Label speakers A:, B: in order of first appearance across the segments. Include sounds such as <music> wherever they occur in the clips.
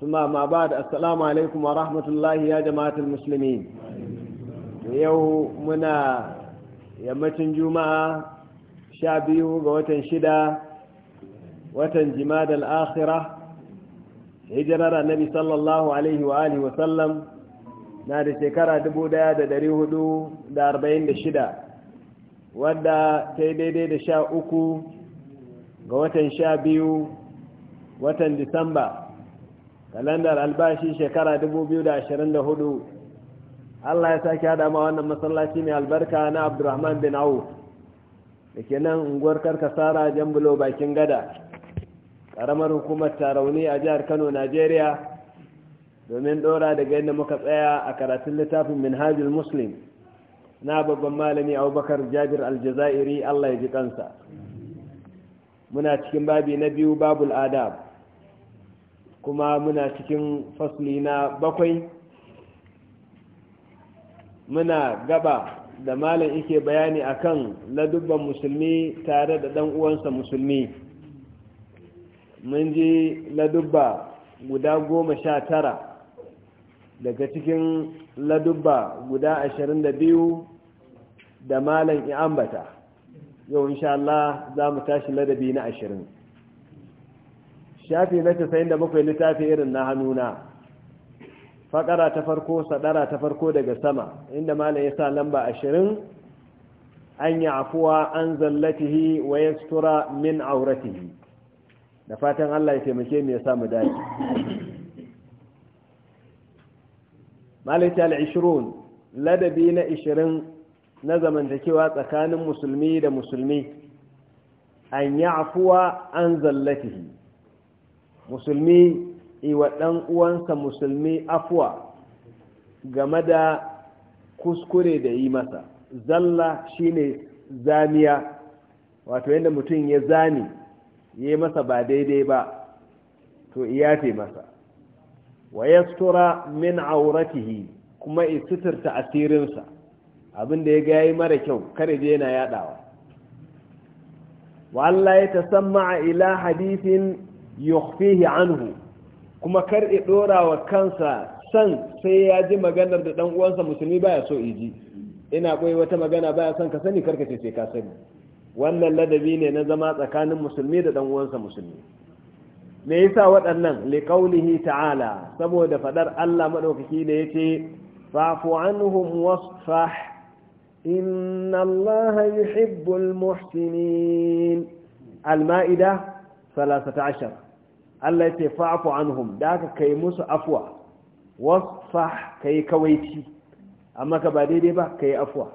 A: ثم ما بعد السلام عليكم ورحمة الله يا جماعة yau muna yammacin juma'a sha biyu ga watan shida watan jimada al'akhira hijirar annabi sallallahu alaihi wa alihi wasallam na da shekara shida wadda ta yi daidai da sha uku ga watan sha biyu watan disamba kalandar albashi shekara da da hudu. Allah ya sake hada ma wannan masallaci mai albarka na Abdurrahman bin awu da ke nan unguwar Karkasara bulo bakin gada ƙaramar hukumar Tarauni a jihar Kano Najeriya domin ɗora daga yadda muka tsaya a karatun littafin Minhajul Muslim na babban malami Abubakar Jabir Aljazairi Allah ya ji kansa muna cikin babi na biyu babul adab kuma muna cikin fasli na bakwai muna gaba da malam yake bayani akan ladubban musulmi tare da dan uwansa musulmi mun ji ladubba guda goma sha tara daga cikin ladubba guda ashirin da biyu da malam ya ambata yau insha Allah za mu tashi ladabi na ashirin shafi na bakwai littafi irin na hannuna fakara ta farko sadara ta farko daga sama inda malam ya sa lamba 20 an yi afuwa an zallatihi wa yastura min auratihi da fatan Allah ya taimake mu ya samu dace malam ta al-20 ladabi na 20 na zamantakewa tsakanin musulmi da musulmi an yi afuwa an zallatihi musulmi iwa ɗan uwansa musulmi afuwa game da kuskure da yi masa zalla shine zamiya wato yadda mutum ya zami ya masa ba daidai ba to iya iyafe masa wa ya sutura min auratihi kuma isitirta asirinsa abinda ya ga yi mara kyau kare je yana yadawa wa Allah ya a ila hadithin yukhfihi anhu kuma kar i dora wa kansa san sai ya ji maganar da dan uwansa musulmi baya so iji ina koyi wata magana baya son ka sani karka ce sai ka sani wannan ladabi ne na zama tsakanin musulmi da dan uwansa musulmi me yasa waɗannan liqaulihi ta'ala saboda fadar Allah madaukaki da yace fa'fu anhum wasfah inna Allah yuhibbul muhsinin al-ma'ida 13 Allah ya ce fa'afu anhum da aka kai musu afwa wasfah kai kawaici amma ka ba daidai ba kai afwa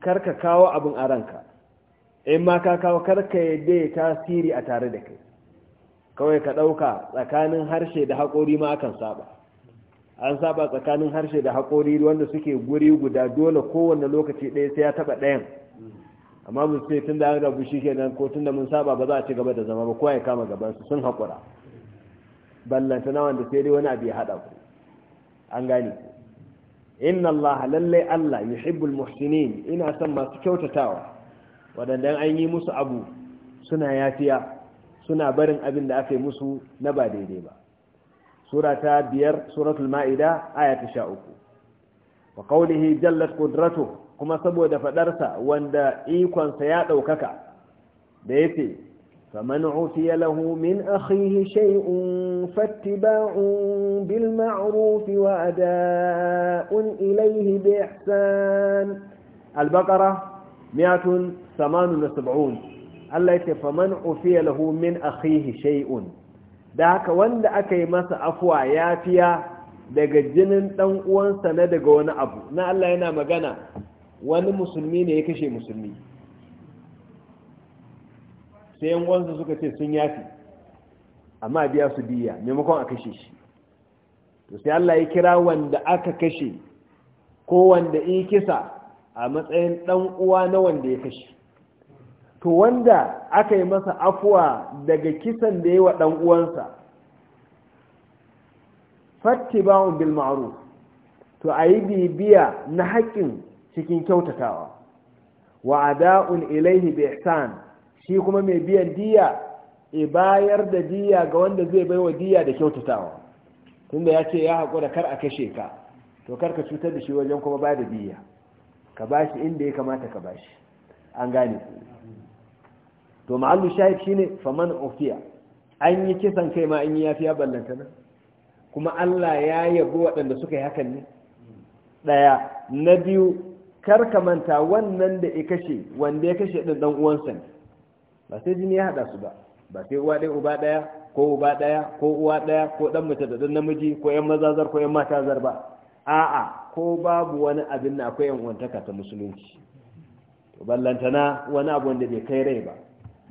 A: kar ka kawo abin a ranka in ma ka kawo kar ka yadda ya tasiri a tare da kai kawai ka ɗauka tsakanin harshe da haƙori ma akan saba an saba tsakanin harshe da haƙori wanda suke guri guda dole kowane lokaci ɗaya sai ya taɓa ɗayan amma mun ce tun da an rabu shi kenan ko tun da mun saba ba za a ci gaba da zama ba kowa ya kama gabansu sun haƙura ballanta na wanda sai dai wani abu ya haɗa ku an gane inna Allah lallai Allah yuhibbul muhsinin ina son masu kyautatawa waɗanda an yi musu abu suna yafiya suna barin abin da aka yi musu na ba daidai ba sura ta biyar suratul ma'ida aya ta sha uku wa qawlihi jallat qudratuhu kuma saboda fadarsa wanda ikonsa ya ɗaukaka da ya fi faman ufiya lahu min akhihi shay'un fattiba'un bil ma'ruf wa ada'un ilayhi bi ihsan al-baqara 178 Allah yake faman ufiya lahu min akhihi shay'un da haka wanda aka yi masa afwa yafiya daga jinin dan uwansa na daga wani abu na Allah yana magana wani musulmi ne ya kashe musulmi sai yan wansu suka ce sun yafi amma biya su biya maimakon a kashe shi to sai Allah ya kira wanda aka kashe ko wanda in kisa a matsayin dan uwa na wanda ya kashe to wanda aka yi masa afuwa daga kisan da ya wa dan uwansa fattiba'un bil ma'ruf to ayi bibiya na haƙƙin cikin kyautatawa wa ada'un ilaihi bi ihsan shi kuma mai biyan diyya? e bayar da diyya ga wanda zai baiwa diyya da kyautatawa tunda ya ce ya hakura kar a kashe ka to kar ka cutar da shi wajen kuma ba da diya ka bashi inda ya kamata ka bashi an gane to ma'allu shahid shine faman ufiya an yi kisan kai ma an yi yafiya na? kuma Allah ya yabo waɗanda suka yi hakan ne ɗaya na biyu kar ka manta wannan da ya kashe wanda ya kashe ɗin ɗan'uwansa ne ba sai jini ya haɗa su ba ba sai uwa ɗaya uba ɗaya ko uba ɗaya ko uwa ɗaya ko ɗan mace da ɗan namiji ko yan mazazar ko yan matazar ba a'a ko babu wani abin da akwai yan ta musulunci to ballantana wani abu wanda bai kai rai ba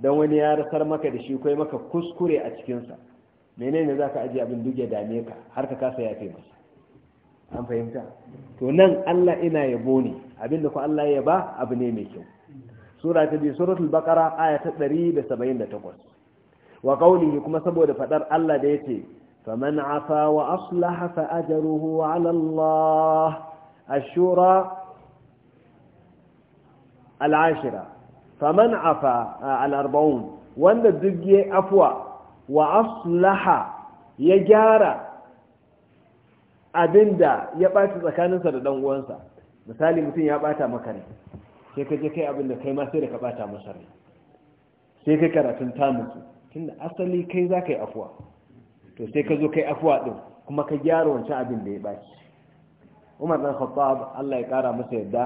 A: don wani ya rasar maka da shi kai maka kuskure a cikinsa menene za ka ajiye abin duk ya dame ka har ka kasa yafe masa an fahimta to nan allah ina yabo ne abinda ku Allah ya ba abu ne mai kyau sura ta biyu suratul baqara aya ta 178 wa qawlihi kuma saboda fadar Allah da yace faman afa wa aslaha fa ajruhu ala Allah ashura al-ashira faman afa al-40 wanda duk ya afwa wa aslaha ya gyara abinda ya ɓaci tsakaninsa da ɗan uwansa misali mutum ya bata maka rai sai ka je kai abin da kai ma sai da ka bata masa rai sai kai karatun Tun tunda asali kai za ka yi afuwa to sai ka zo kai afuwa din kuma ka gyara wancan abin da ya baki. umar dan khattab Allah ya kara masa yadda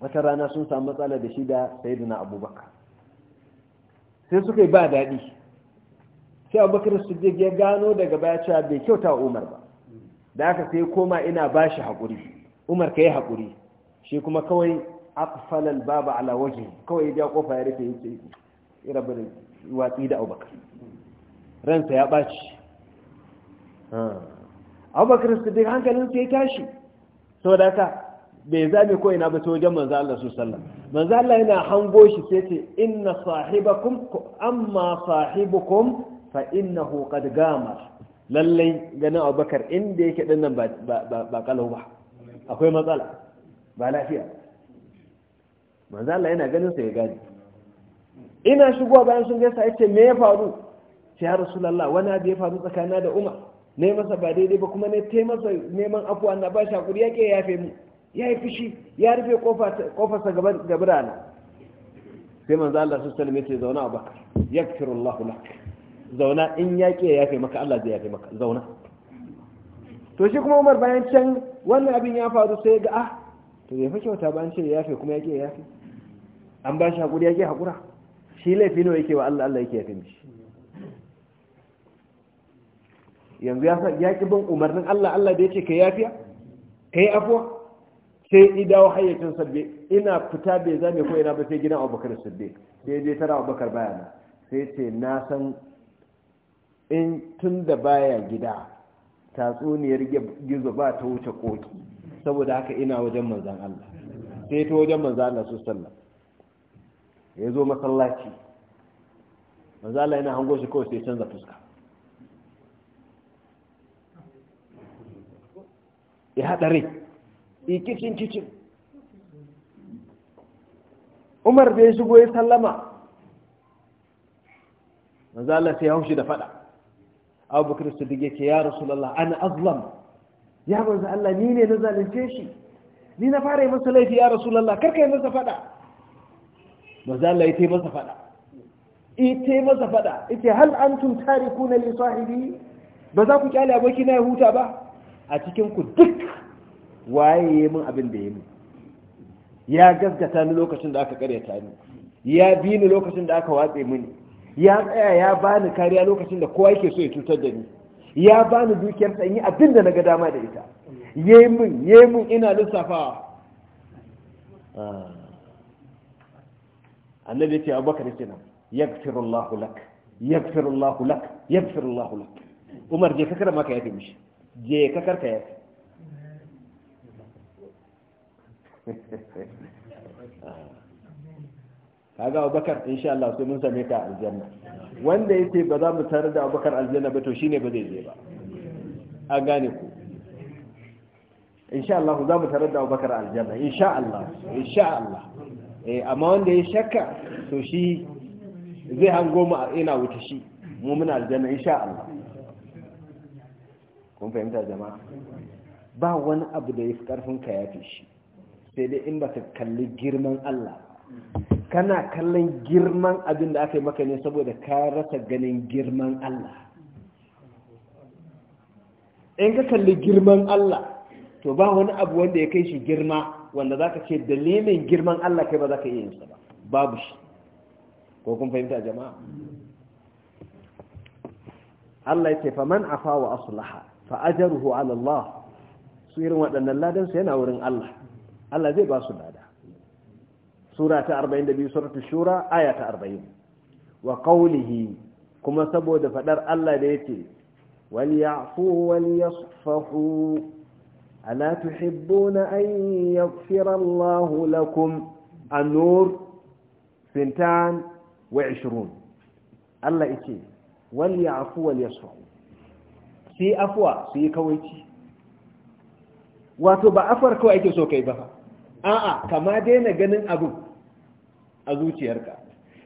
A: wata rana sun samu matsala da shi da sayyidina abubakar sai suka yi ba daɗi sai abubakar su ya gano daga baya cewa bai kyauta umar ba da aka sai koma ina bashi haƙuri umar ka yi haƙuri shi kuma kawai akfalal baba ala waje kawai ya kofa ya rufe yace irabin watsi da abubakar ransa ya ɓaci abubakar su duk hankalin sai tashi sau da ka bai zame ko ina ba ta wajen ala Allah su sallam manzo Allah yana hango shi sai ce inna sahibakum amma sahibukum fa innahu qad gamar lallai ganin abubakar inda yake dinnan ba ba ba akwai matsala ba lafiya manzala Allah yana ganin sai ya gane ina shigowa bayan sun gaisa yace me ya faru sai ya rasulullah wani abu ya faru tsakanina da Umar ne masa ba daidai ba kuma ne tai masa neman afuwa na ba shi hakuri yake ya yafe mu ya yi fushi ya rufe kofarsa gabira na sai manzo Allah su sallame sai zauna a bakar yakfirullahu lak zauna in yake ya yafe maka Allah zai yafe maka zauna to shi kuma Umar bayan can wannan abin ya faru sai ga ah to bai fa kyauta ba an ce ya yafe kuma yake yafe an ba shi hakuri yake hakura shi laifi nawa yake wa Allah Allah yake yafe mishi yanzu ya ya ki bin umarnin Allah Allah da yake kai yafiya kai afwa sai ni dawo hayyacin sabbe ina fita bai zame ko ina ba sai gidan Abubakar Siddiq sai dai tara Abubakar baya na sai ce na san in tun da baya gida tatsuniyar gizo ba ta wuce koki saboda haka ina wajen manzan Allah sai ta wajen manzan Allah su sallah ya zo masallaci manzan Allah yana hango shi kawai sai canza fuska ya haɗa rai ikicin kicin umar bai shigo ya sallama manzan Allah sai ya haushi da fada Abubakar bakar siddiq yake ya rasulullah ana azlam ya manzo Allah ni ne na zalunce shi ni na fara yi masa laifi ya rasulullah karka yi masa fada manzo Allah yake masa fada ite masa fada ite hal antum tarikuna li sahibi ba za ku kyale aboki na huta ba a cikin ku duk waye yi min abin da yi min ya gaskata ni lokacin da aka karyata ni ya bi ni lokacin da aka watse mini ya tsaya ya bani kariya lokacin da kowa yake so ya cutar da ni ya bani dukiyar sanyi abin da na ga dama da ita yayi min yayi min ina lissafawa ah. annabi ya ce abubakar kenan yaghfirullahu lak yaghfirullahu lak Allah lak umar je ka maka ya yafi mishi je ka karka fi!" <laughs> kaga abubakar insha Allah sai mun same ka aljanna wanda yace ba za mu tare da abubakar aljanna ba to shine ba zai je ba a gane ku insha Allah za mu tare da abubakar aljanna insha Allah insha Allah eh amma wanda ya shakka to shi zai hango mu ina wuta shi mu muna aljanna insha Allah kun fahimta jama'a ba wani abu da ya fi karfin ka yafi shi sai dai in ba ka kalli girman Allah kana kallon girman abin da aka yi maka ne saboda ka rasa ganin girman Allah in ka kalli girman Allah to ba wani abu wanda ya kai shi girma wanda za ka ce dalilin girman Allah kai ba za ka iya yinsa ba babu shi ko kun fahimta jama'a Allah ya ce faman afa wa aslaha fa ajruhu ala Allah su irin waɗannan ladan yana wurin Allah Allah zai ba su ladan sura ta 42 suratu shura aya ta 40 wa qawlihi kuma saboda fadar Allah da yake wal ya'fu wal yasfahu ala tuhibbuna an yaghfira Allah lakum an-nur wa 22 Allah yake wal ya'fu wal yasfahu sai afwa sai kawaici wato ba afar kawai ake so kai ba a'a kama daina ganin abu. a zuciyarka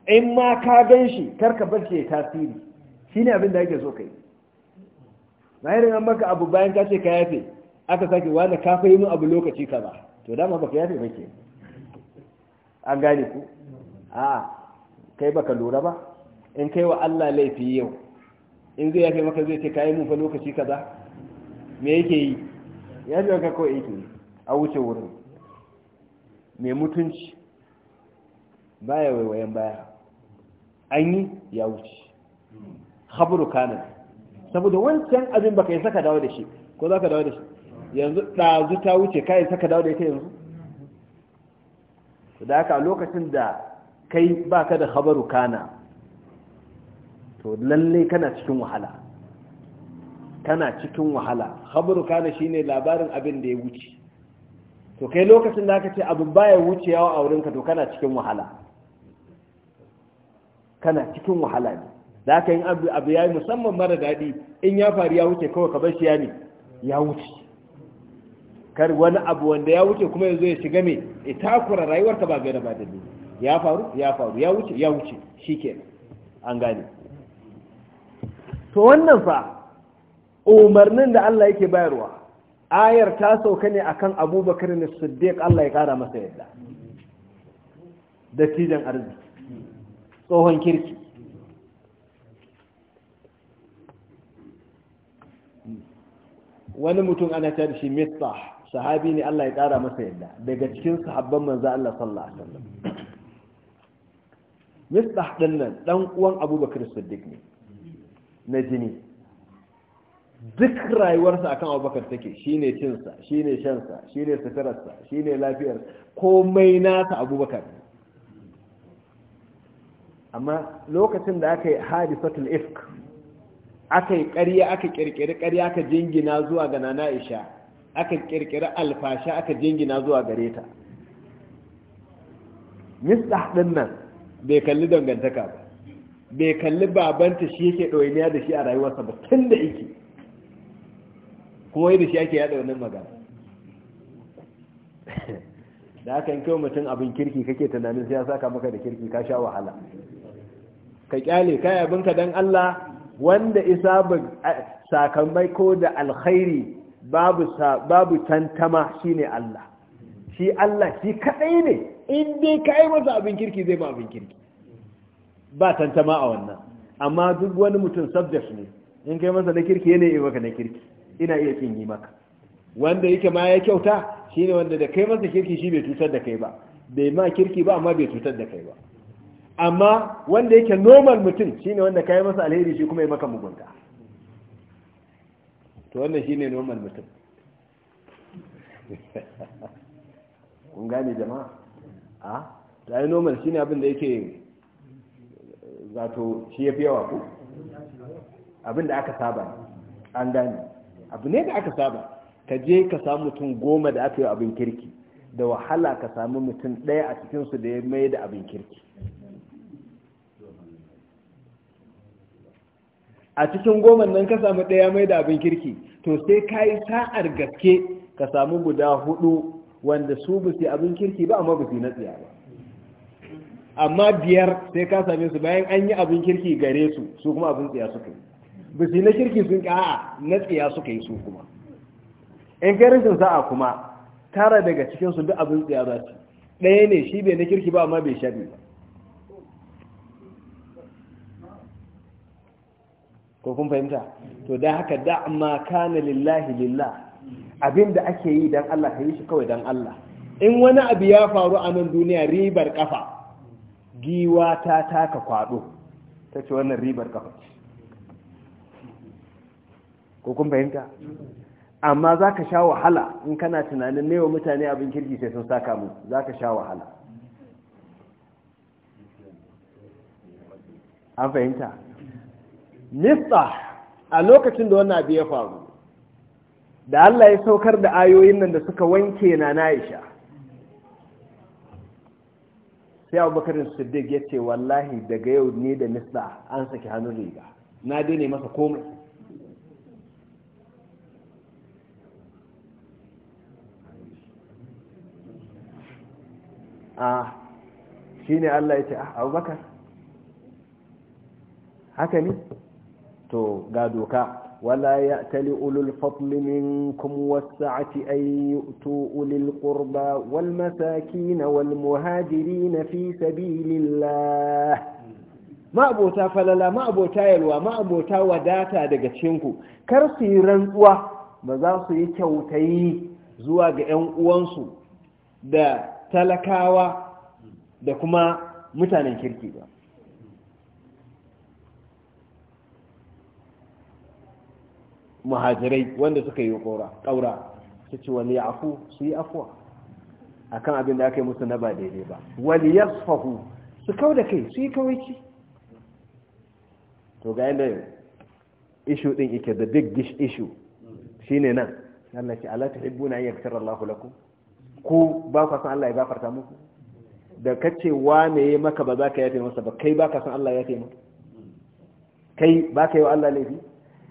A: in ma ka gan shi karka barci ya tasiri shi ne abin da ake so kai bayan an maka abu bayan ka ce ka yafe aka sake wanda ka fa yi min abu lokaci ka ba to dama baka yafe ba ke an gane ku a kai baka lura ba in kai wa Allah laifi yau in zai yafe maka zai ce ka yi min fa lokaci kaza me yake yi ya ji ka ko yake a wuce wurin mai mutunci baya waiwayen baya an yi ya wuce haburu kana saboda wancan abin baka yi saka dawo da shi ko za ka dawo da shi yanzu ɗazu ta wuce ka yi saka dawo da ita yanzu da haka lokacin da kai baka da haburu kana to lallai kana cikin wahala kana cikin wahala haburu kana shine labarin abin da ya wuce to kai lokacin da aka ce abu baya wucewa a wurinka to kana cikin wahala kana cikin wahala ne za ka yi abu ya yi musamman mara daɗi in ya faru ya wuce kawai ka bar shi ya ne ya wuce kar wani abu wanda ya wuce kuma yanzu ya shiga mai rayuwar ka ba gaira ba dalili ya faru ya faru ya wuce ya wuce ke, an gane to wannan fa umarnin da Allah yake bayarwa ayar ta sauka ne akan Abubakar ne Siddiq Allah ya kara masa yadda dattijan arziki tsohon kirki wani mutum ana ta shi mitzah sahabi ne Allah ya ƙara masa yadda daga cikin sahabban manza Allah sallallahu a wasallam Misbah din nan ɗan uwan Abubakar Siddiq ne na jini duk rayuwarsa akan Abubakar take ne cinsa sa ne shansa sa ne safirarsa sa ne lafiyar komai nasa Abubakar amma lokacin da aka yi hadisatul ifk aka yi ƙarya aka ƙirƙiri ƙarya aka jingina zuwa ga nana isha aka ƙirƙiri alfasha aka jingina zuwa gare ta mistah din nan bai kalli dangantaka ba bai kalli babanta shi yake ɗoyiniya da shi a rayuwarsa ba tun da yake kuma yi da shi ake yaɗa wannan magana <laughs> da aka yi kyau mutum abin kirki kake tunanin sai ya saka maka da kirki ka sha wahala ka kyale kai abinka dan Allah wanda isa sakamai sakamako da alkhairi babu babu tantama shine Allah shi Allah shi kadai ne in dai kai masa abin kirki zai ba abin kirki ba tantama a wannan amma duk wani mutum subject ne in kai masa na kirki yana yi maka na kirki ina iya kin yi maka wanda yake ma ya kyauta shine wanda da kai masa kirki shi bai cutar da kai ba bai ma kirki ba amma bai cutar da kai ba amma wanda yake normal mutum shine wanda kai masa alheri shi kuma ya maka mugunta to wannan shine normal mutum <laughs> kun gane jama'a a tsaye normal shine abin da yake zato shi ya fi yawa ku abin da aka saba an gane abu ne da aka saba ka je ka samu mutum goma da aka yi abin kirki da wahala ka samu mutum ɗaya a cikinsu da ya mai da abin kirki a cikin goman nan ka samu ɗaya mai da abin kirki to sai ka yi sa'ar gaske ka samu guda hudu wanda su ba su abin kirki ba amma ba su na tsiya ba amma biyar sai ka same su bayan an yi abin kirki gare su su kuma abin tsiya suka yi ba su na kirki sun a na tsiya suka yi su kuma in kai rashin sa'a kuma tara daga cikin su duk abin tsiya za su ɗaya ne shi bai na kirki ba amma bai shaɗi ba ko kun fahimta to dan haka da ma kana lillahi lillah abinda ake yi dan Allah kai yi shi kawai dan Allah in wani abu ya faru a nan duniya ribar kafa giwa ta taka kwado ta ce wannan ribar kafa ko kun fahimta amma za ka sha wahala in kana tunanin ne wa mutane abin kirki sai sun saka mu za ka sha wahala an fahimta mista a lokacin da wannan abu ya faru da Allah ya saukar da ayoyin nan da suka wanke na aisha sai abubakar siddiq ya ce wallahi daga yau ne da mista an saki hannun riga na daina masa komai a ah, shine Allah ya ce ah, abubakar haka ne to ga doka wala ya tali ulul fatli kuma wasu a ulil ƙurba wal na wal muhajiri na fi sabi ma'abota falala ma'abota yalwa ma'abota wadata daga ku kar su yi rantsuwa ba za su yi kyautayi zuwa ga 'yan uwansu da talakawa da kuma mutanen kirki ba muhajirai wanda suka yi ƙaura su ce wani ya afu su yi afuwa A kan abin da aka yi musu na ba daidai ba wani ya fahu su kau da kai su yi kawaici to ga yadda ishu ɗin ike da big dish ishu shine nan Allah ce Allah ta na an yaktar Allah lakum ko ba ku san Allah ya gafarta muku da kace wa ne maka ba za ka yafe masa ba kai ba ka san Allah ya yafe maka kai ba ka yi wa Allah laifi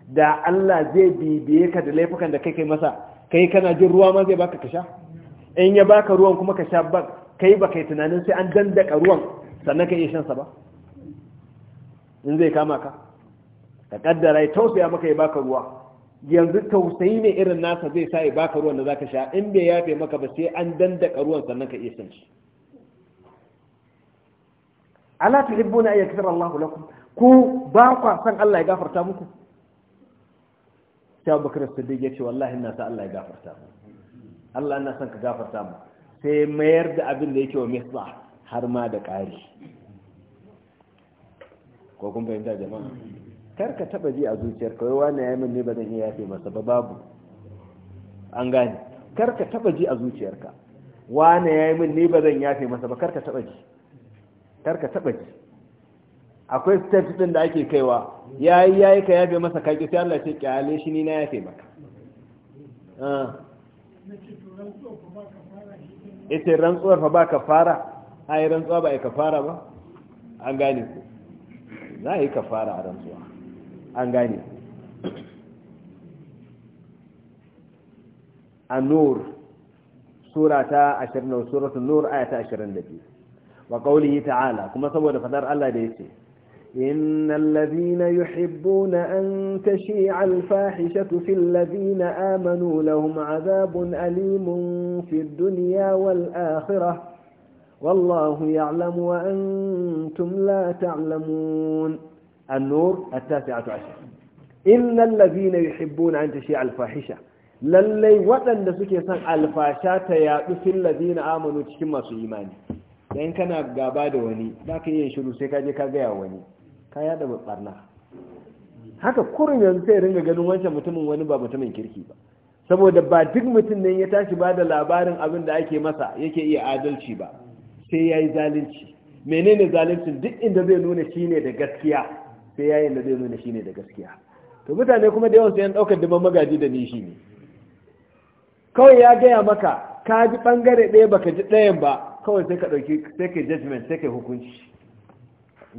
A: da Allah zai bibiye ka da laifukan da kai kai masa kai kana jin ruwa ma zai baka ka sha in ya baka ruwan kuma ka sha ba kai ba kai tunanin sai an dandaka ruwan sannan ka iya shansa sa ba in zai kama ka ka kaddara ya tausaya maka ya baka ruwa yanzu tausayi ne irin nasa zai sa ya baka ruwan da zaka sha in bai yafe maka ba sai an dandaka ruwan sannan ka iya shan shi ala tuhibbuna ayyakthira Allahu lakum ku ba kwa san Allah ya gafarta muku sai abubakar siddiq ya ce wallahi ina sa Allah ya gafarta mu Allah ina son ka gafarta mu sai mayar da abin da yake wa misba har ma da ƙari ko kun bayyana jama'a kar ka taba ji a zuciyar wai wani ya min ne ba zan iya yafe masa ba babu an gane kar ka taba ji a zuciyarka wani ya min ne ba zan yafe masa ba kar ka taba ji kar ka taba ji akwai steps din da ake kaiwa yayi yayi ka yabe masa kaki sai Allah ce kyale shi ni na yafe maka ita ah. rantsuwa fa ba ka fara ai rantsuwa ba ai ka fara ba an gane ku za a yi ka fara a rantsuwa an gane a nur surata ta 20 suratul nur ayata 22 wa qawlihi ta'ala kuma saboda fadar Allah da yake إن الذين يحبون أن تشيع الفاحشة في الذين آمنوا لهم عذاب أليم في الدنيا والآخرة والله يعلم وأنتم لا تعلمون النور التاسعة عشر إن الذين يحبون أن تشيع الفاحشة للي وطن suke son alfasha ta yaɗu fil ladina amanu لأن كان imani بعد kana لكن da wani zaka جيكا shiru وني. kaya da barna haka kurin yanzu sai ringa ganin wancan mutumin wani ba mutumin kirki ba saboda ba duk mutum ne ya tashi ba da labarin abin da ake masa yake iya adalci ba sai ya yi zalunci menene zalunci duk inda zai nuna shi ne da gaskiya sai yayin da zai nuna shi ne da gaskiya to mutane kuma da yawan sayan ɗaukar dubban magaji da nishi ne kawai ya gaya maka ka ji bangare ɗaya baka ji ɗayan ba kawai sai ka ɗauki sai ka judgment sai ka hukunci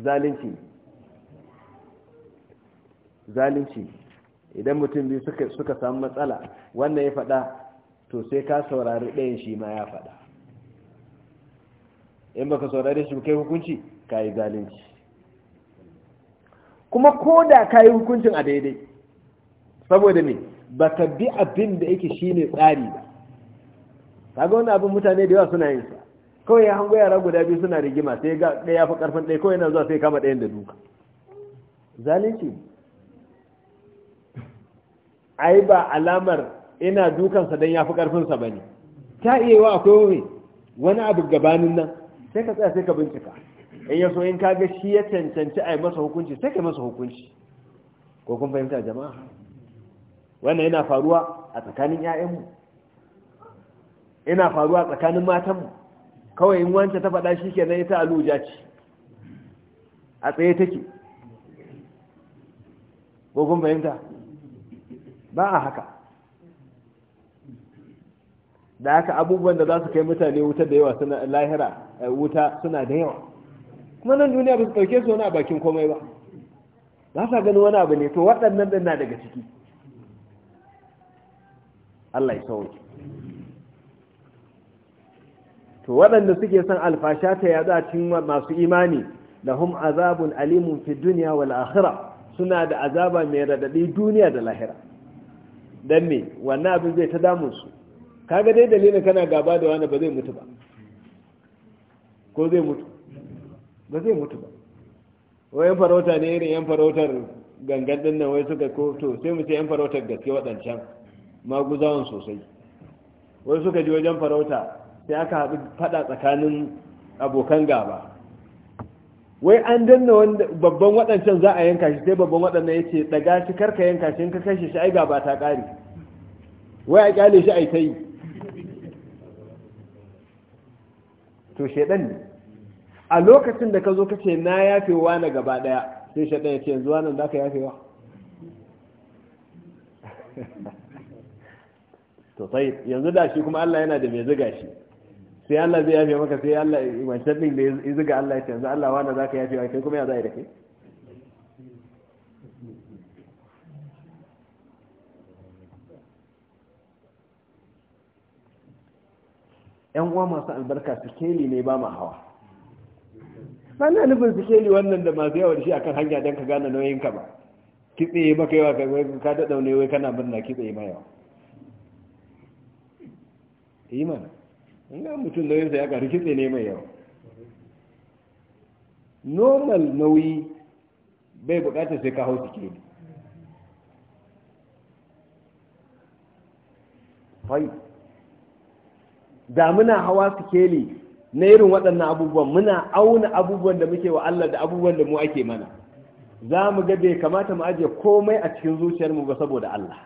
A: zalunci zalunci idan mutum biyu suka suka samu matsala wannan ya faɗa to sai ka saurari ɗayan shi ma ya faɗa in baka saurari shi kai hukunci ka yi zalunci kuma ko da ka yi hukuncin a daidai saboda ne ba ka bi abin da yake shi ne tsari ba kaga wani abin mutane da yawa suna yin sa kawai ya hango yara guda biyu suna rigima sai ga ɗaya fi ƙarfin ɗaya kawai yana zuwa sai kama ɗayan da duka zalunci ai ba alamar ina dukansa don ya fi ƙarfinsa ba ne ta iya yi wa akwai wani abu gabanin nan sai ka tsaya sai ka bincika in ya so in kaga shi ya cancanci a yi masa hukunci sai ka masa hukunci ko kun fahimta jama'a wannan yana faruwa a tsakanin 'ya'yanmu yana faruwa a tsakanin matanmu kawai in wance ta faɗa shi kenan ita aluja ce a tsaye take ko kun fahimta ba a haka da haka abubuwan da za su kai mutane wuta da yawa suna lahira eh, wuta suna da yawa kuma nan duniya ba su ɗauke su wani a bakin komai ba ba sa gani wani abu ne to waɗannan ɗin na daga ciki Allah ya sauwa to waɗanda suke son alfasha ta yaɗa cikin masu imani hum azabun alimun fi duniya wal akhirah suna da azaba mai radadi duniya da lahira dan me wannan abin zai ta damun su kaga dai dalilin kana gaba da wani ba zai mutu ba ko zai mutu ba zai mutu ba wayan farauta ne irin yan farautar gangan din nan wai suka ko to sai mu ce yan farautar gaske waɗancan maguzawan sosai wai suka ji wajen farauta sai aka haɗu faɗa tsakanin abokan gaba wai an danna wanda babban waɗancan za a yanka shi sai babban waɗannan ya ce daga shi karka yanka shi ka kashe shi ai ga ba ta ƙari wai a ƙyale shi a ta yi to shaɗan ne a lokacin da ka zo ka ce na yafe wa na gaba ɗaya sai shaɗan ya ce yanzu nan za ka yafe wa <laughs> to yanzu da shi kuma Allah yana da mai ziga shi sai Allah zai yafe maka sai Allah wancan din da ya zuga Allah ya canza Allah wanda zaka yafe wa kai kuma ya zai da kai yan uwa masu albarka sikeli ne ba ma hawa ana nufin sikeli wannan da masu yawa da shi akan hanya don ka gane nauyin ka ba kitse yi maka yawa ka daɗa ne wai kana murna kitse yi mai yawa yi mana ina mutum nauyinsa ya karu kitse ne mai yawa normal nauyi bai bukata sai ka hau sikeli fai da muna hawa sikeli na irin waɗannan abubuwan muna auna abubuwan da muke wa Allah da abubuwan da mu ake mana za mu ga bai kamata mu ajiye komai a cikin zuciyarmu ba saboda Allah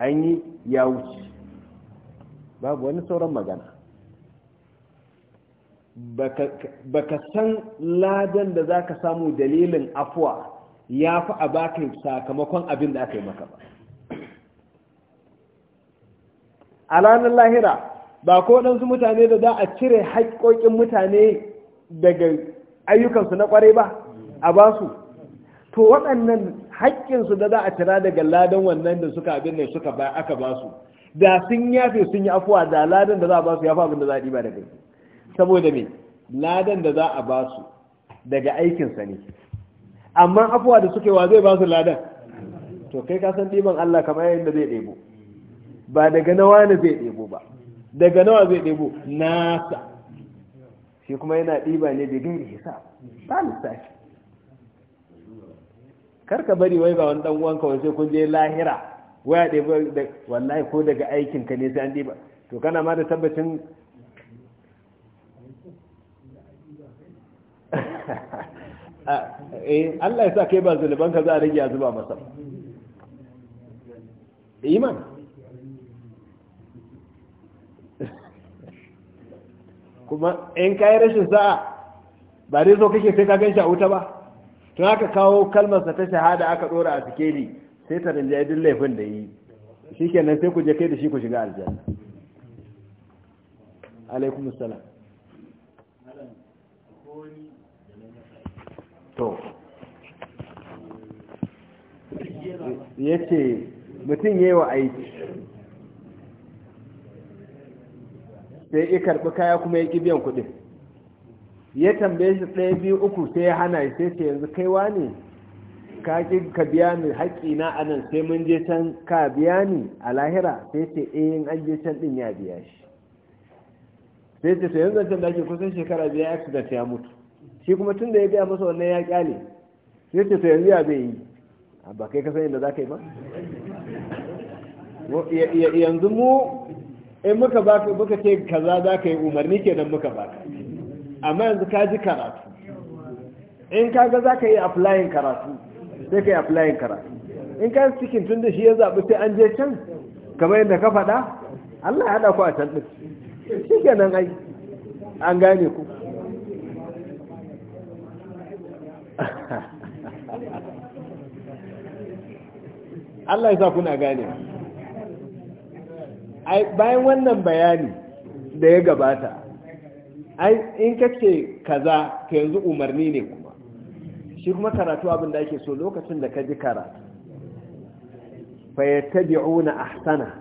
A: an yi ya babu wani sauran magana baka san ladan da za ka samu dalilin afuwa ya fi a baka sakamakon abin da aka yi maka ba a ranar lahira ba ko ɗansu mutane da za a cire haƙƙoƙin mutane daga ayyukansu na ƙwarai ba a ba su to waɗannan haƙƙinsu da za a cira daga ladan wannan da suka abin da suka aka ba su da sun yafe sun yi afuwa da ladan da za a ba su ya fa da za a ɗiba daga kai saboda me ladan da za a ba su daga aikinsa ne amma afuwa da suke wa zai ba su ladan to kai ka san ɗiban Allah kamar yayin da zai ɗebo ba daga nawa ne zai ɗebo ba daga nawa zai ɗebo nasa shi kuma yana ɗiba ne da gairi hisab ba lissafi ka bari wai ba wani dan uwanka wai sai kun je lahira waya ɗaya da wallahi ko daga aikin ka ne sai an ɗiba to kana ma da tabbacin <laughs> ah, eh, Allah ya sa kai ba zunuban ka za a rage a zuba masa iman <laughs> kuma in kayi rashin sa'a ba dai so kake sai ka gan shi a wuta ba tun aka kawo kalmarsa ta shahada aka dora a sikeli sai ta yi duk laifin da yi shi kenan sai ku je kai da shi ku shiga aljanna alaikum salam to ya ce mutum yi wa aiki sai ya karɓi kaya kuma ya ƙi biyan kuɗin ya tambaye shi ɗaya biyu uku sai ya hana sai ce yanzu kaiwa ne ka ki ka biya ni haƙƙi na a nan sai mun je can ka biya ni a lahira sai ce eh in an je can ɗin ya biya shi sai ce to yanzu can da ake kusan shekara biya accident ya mutu shi kuma tun da ya biya masa wannan ya ƙyale sai ce to yanzu ya bai yi ba kai ka san inda za ka yi ba yanzu mu in muka baka muka ce kaza za ka yi umarni kenan muka baka amma yanzu ka ji karatu in kaga za ka yi applying karatu sai ka yi aflayin karatu in ka cikin tun da shi ya zaɓi sai an je can kamar yadda ka faɗa Allah ya haɗa ku a can ɗin shi nan ai an gane ku
B: <laughs>
A: Allah ya sa kuna gane ai bayan wannan bayani da ya gabata ai in ce kaza ka yanzu umarni ne ku shi kuma karatu abin da ake so lokacin da ka ji karatu fa yattabi'una ahsana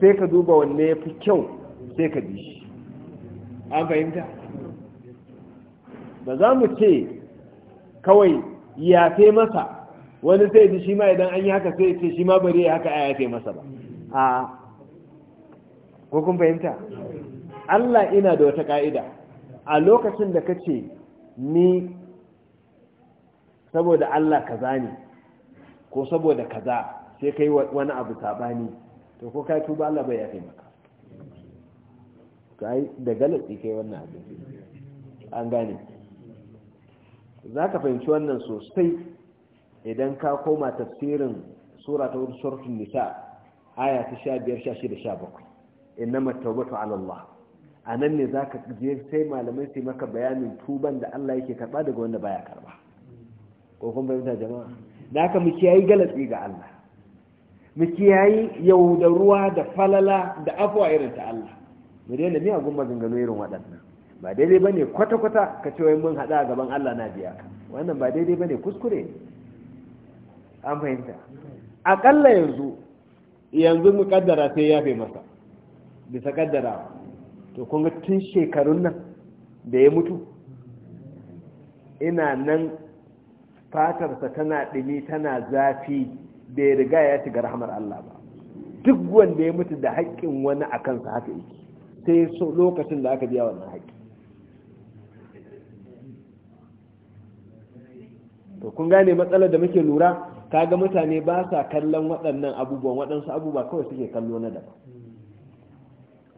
A: sai ka duba wanne yafi kyau sai ka bi shi an fahimta ba za mu ce kawai yafe masa wani sai ji shi ma idan an yi haka sai ce shi ma bari ya haka a yafe masa ba a ko kun fahimta Allah ina da wata ka'ida a lokacin da ka ce ni saboda Allah kaza ne ko saboda kaza sai kai wani abu sabani to ko kai tuba Allah bai yafe maka kai da galati kai wannan abu an gane Za ka fahimci wannan sosai idan ka koma tafsirin sura ta wurin surfin nisa aya ta sha biyar sha shida sha bakwai Inna taubatu alallah Allah a nan ne za ka je sai malamai su maka bayanin tuban da Allah yake karba daga wanda baya karba ko kun bayyana jama'a da haka mu kiyayi galatsi ga Allah mu kiyayi yaudaruwa da falala da afwa irin ta Allah mu daina miyagun maganganu irin waɗannan ba daidai ba ne kwata-kwata ka ce wai mun haɗa gaban Allah na biya ka wannan ba daidai ba ne kuskure an fahimta aƙalla yanzu yanzu mu kaddara sai ya fi masa bisa kaddara to kun ga tun shekarun nan da ya mutu ina nan fatarsa tana ɗumi tana zafi bai riga ya shiga rahamar Allah ba duk wanda ya mutu da haƙƙin wani a kansa haka yake sai so lokacin da aka biya wannan haƙƙi to kun gane matsalar da muke lura kaga mutane ba sa kallon waɗannan abubuwan waɗansu abubuwa kawai suke kallo na daban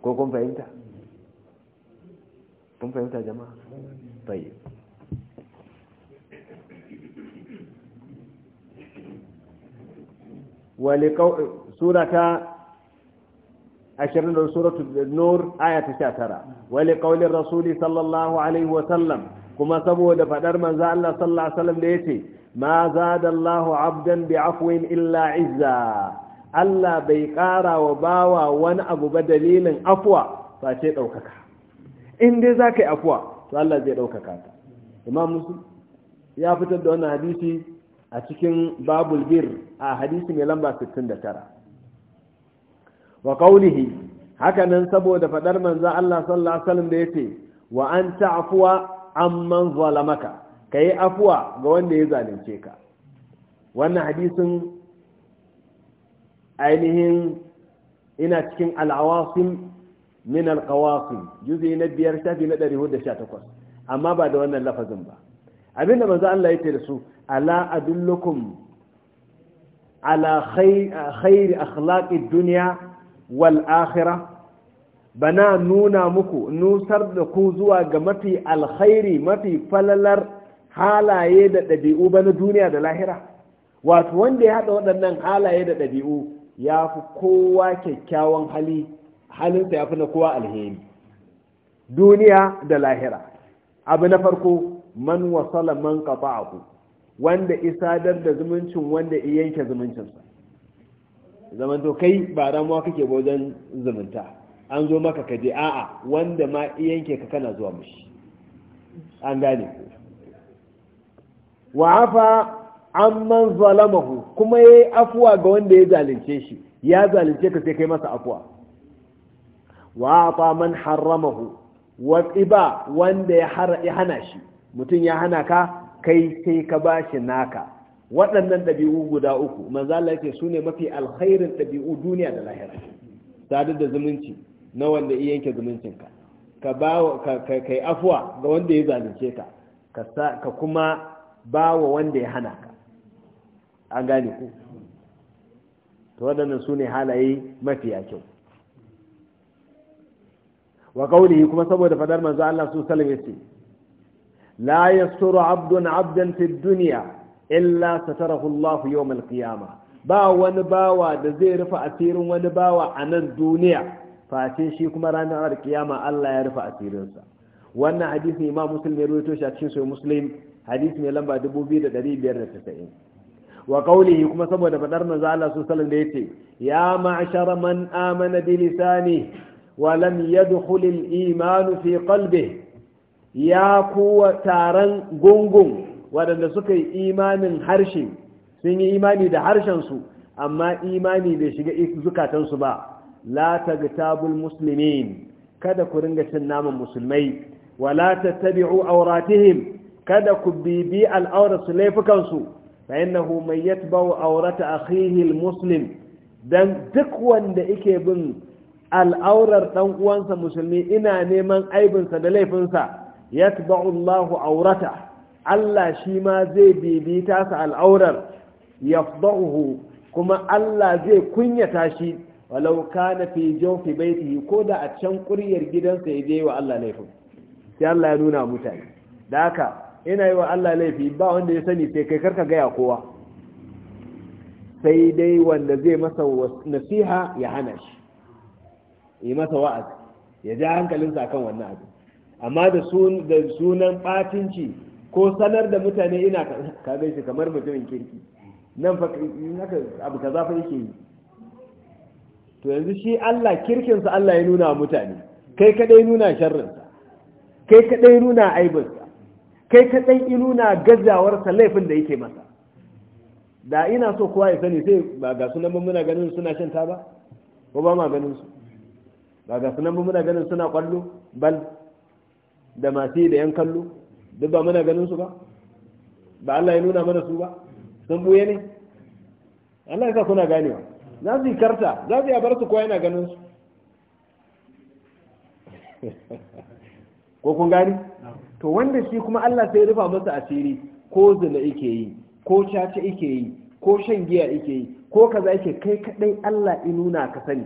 A: ko kun fahimta kun fahimta jama'a bayyana sura ta 20 suratul nur aya ta 19 wa liqaulir rasuli sallallahu alaihi wa sallam kuma saboda faɗar manzo Allah sallallahu alaihi wa sallam da yace ma zada Allahu 'abdan bi'afwin illa 'izza Allah bai ƙara wa bawa wani abu ba dalilin afwa face ɗaukaka in dai za ka yi afuwa to Allah zai ɗaukaka ya fitar da wannan hadisi a cikin babul bir a hadisi mai lamba 69 wa qawlihi hakanan saboda fadar manzo Allah sallallahu alaihi wasallam da yace wa an afwa amman zalamaka kai afwa ga wanda ya zalunce ka wannan hadisin ainihin ina cikin al'awasim min al-qawasim juzu na biyar shafi na 118 amma ba da wannan lafazin ba abinda manzo Allah yake da su ala adullukum ala khairi akhlaqid dunya wal akhirah bana nuna muku nusar da ku zuwa ga mafi alkhairi mafi falalar halaye da ɗabi'u ba na duniya da lahira wato wanda ya haɗa waɗannan halaye da ɗabi'u ya fi kowa kyakkyawan hali halinsa ya fi na kowa alheri duniya da lahira abu na farko man wasala man qata'ahu wanda isadar da zumuncin wanda iya yanke zumuncinsa zaman to kai ba ramuwa kake ba wajen zumunta an zo maka kaje a'a wanda ma iya yanke ka kana zuwa mushi an gane ku afa amman zalamahu kuma yayi afuwa ga wanda ya zalunce shi ya zalunce ka sai kai masa afuwa afa man harramahu wa tsiba wanda ya hana shi mutum ya hana ka kai sai ka ba shi naka waɗannan ɗabi'u guda uku manzo Allah yake sune mafi alkhairin ɗabi'u duniya da lahira sadar da zumunci na wanda iya yanke zumuncinka ka ba kai afuwa ga wanda ya zalunce ka ka kuma ba wa wanda ya hana ka an gane ku to waɗannan su ne halaye a kyau wa kauli kuma saboda fadar manzo Allah su salame su la yasturu abdun abdan fi dunya illa satarahu Allah yawm al-qiyamah ba wani bawa da zai rufe asirin wani bawa a nan duniya face shi kuma ranar kiyama Allah ya rufe asirinsa wannan hadisi ne imam muslim ya rawaito shi a cikin sahih muslim hadisi ne lamba 2590 wa qawlihi kuma saboda faɗar manzo Allah sallallahu alaihi wasallam da yace ya ma'shar man amana bi lisani wa lam yadkhul imanu fi qalbihi ya kuwa taron gungun waɗanda suka yi imanin harshe sun yi imani da harshensu amma imani bai shiga zukatansu ba la tabul muslimin kada ku ringa cin naman musulmai wala tattabi'u auratihim kada ku bibi su, laifukansu fa innahu man yatba'u aurata akhihi al-muslim dan duk wanda ike bin al'aurar dan uwansa musulmi ina neman aibinsa da laifinsa yatba'u Allahu aurata Allah shi ma zai bibita sa al'aurar yafdahu kuma Allah zai kunyata shi walau kana fi jawfi baitihi ko da a can kuryar gidansa ya je wa Allah laifin sai Allah ya nuna mutane da haka ina yi wa Allah laifi ba wanda ya sani sai kai karka gaya kowa sai dai wanda zai masa nasiha ya hana shi yi masa wa'azi ya ja hankalinsa akan wannan abu amma da sunan ɓatinci ko sanar da mutane ina kaɗai shi kamar mutumin kirki nan haka abu ka zafi yake yi to yanzu shi Allah kirkinsa Allah ya nuna wa mutane kai kaɗai nuna sharrinsa kai kaɗai nuna aibinsa kai kaɗai yi nuna gazawarsa laifin da yake masa da ina so kowa ya sani sai ba ga sunan muna ganin suna shan ba ko ba ma ganin su ba ga sunan muna ganin suna kwallo bal da masu da yan kallo duk ba muna ganin su ba ba Allah ya nuna mana su ba sun buye ne Allah ya sa kuna ganewa za su yi karta za su yi bar su ko yana ganin su <laughs> ko kun gani to wanda shi kuma Allah sai rufa masa asiri ko zina yake yi ko caca yake yi ko shan giya yake yi ko kaza yake kai kadai Allah ya nuna ka sani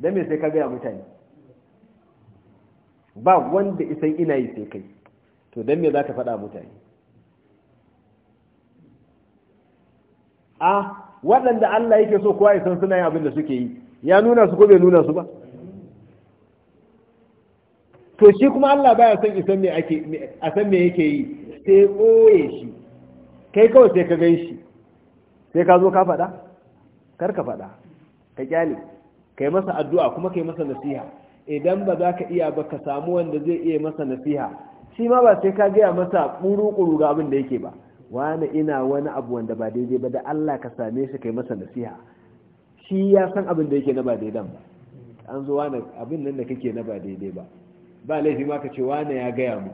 A: dan me sai ka ga mutane ba wanda isan ina yi sai kai to don me za ka faɗa mutane a waɗanda Allah yake so kowa isan suna yin abin da suke yi ya nuna su ko bai nuna su ba to shi kuma Allah baya son isan me ake a san me yake yi sai ɓoye shi kai kawai sai ka gan shi sai ka zo ka faɗa kar ka faɗa ka kyale kai masa addu'a kuma kai masa nasiha idan ba za ka iya ba ka samu wanda zai iya masa nasiha shi ma ba sai ka gaya masa ƙuru-ƙuru ga abin da yake ba wani ina wani abu wanda ba daidai ba da Allah ka same shi kai masa nasiha shi ya san abin da yake na ba daidan ba an zo wani abin nan da kake na ba daidai ba ba laifi ma ka ce wani ya gaya mu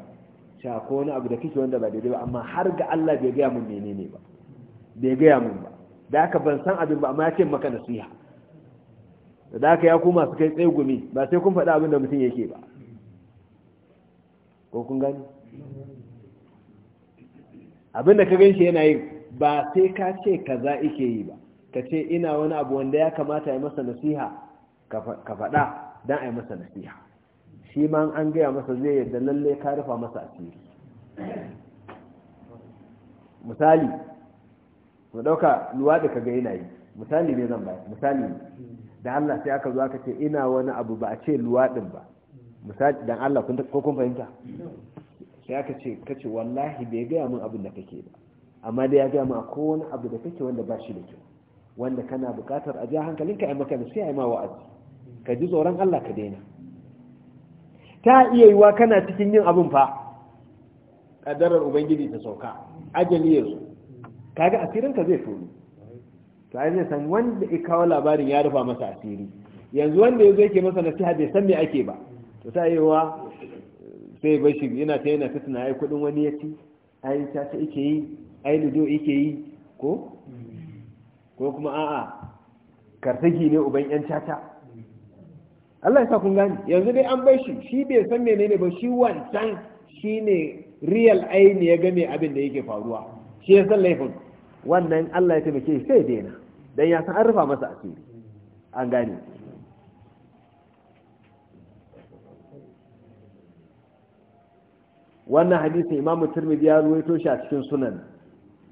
A: sha ko wani abu da kake wanda ba daidai ba amma har ga Allah bai gaya mun menene ba bai gaya mun ba da haka ban san abin ba amma ya ce maka nasiha da aka ya koma su kai tsaye gumi ba sai kun faɗi abin da mutum yake ba ko kun gani abin da ka gan shi yana yi ba sai ka ce ka za ike yi ba ka ce ina wani abu wanda ya kamata ya masa nasiha ka faɗa don a yi masa nasiha shi ma an gaya masa zai yadda lalle ka rufa masa asiri misali mu ɗauka luwaɗi ka ga yi misali ne zan baya misali ne da Allah sai aka zo aka ce ina wani abu ba a ce luwaɗin ba misali dan Allah kun ko kun fahimta sai aka ce kace wallahi bai gaya min abin da kake ba amma dai ya gaya min akwai wani abu da kake wanda ba shi da kyau wanda kana buƙatar a ja hankalinka a maka sai ai ma wa'azi ka ji tsoron Allah ka daina ta iya yiwa kana cikin yin abin fa kadarar ubangiji ta sauka ajali ya kaga kaga ka zai tono to ai zai san wanda ya kawo labarin ya rufa masa asiri yanzu wanda ya zo yake masa nasiha bai san me ake ba to ta yi sai bai shi yana ta yana fitina ai kudin wani ya ci ai ta ta ike yi ai ludo ike yi ko ko kuma a'a kartaki ne uban yan caca Allah ya sa kun gani yanzu dai an bai shi shi bai san menene ba shi wancan shine real aini ya game abin da yake faruwa shi ya san laifin wannan Allah ya taimake shi sai daina dan ya san an rufa masa asiri an gane wannan hadisin Imam Tirmidhi ya ruwaito shi a cikin sunan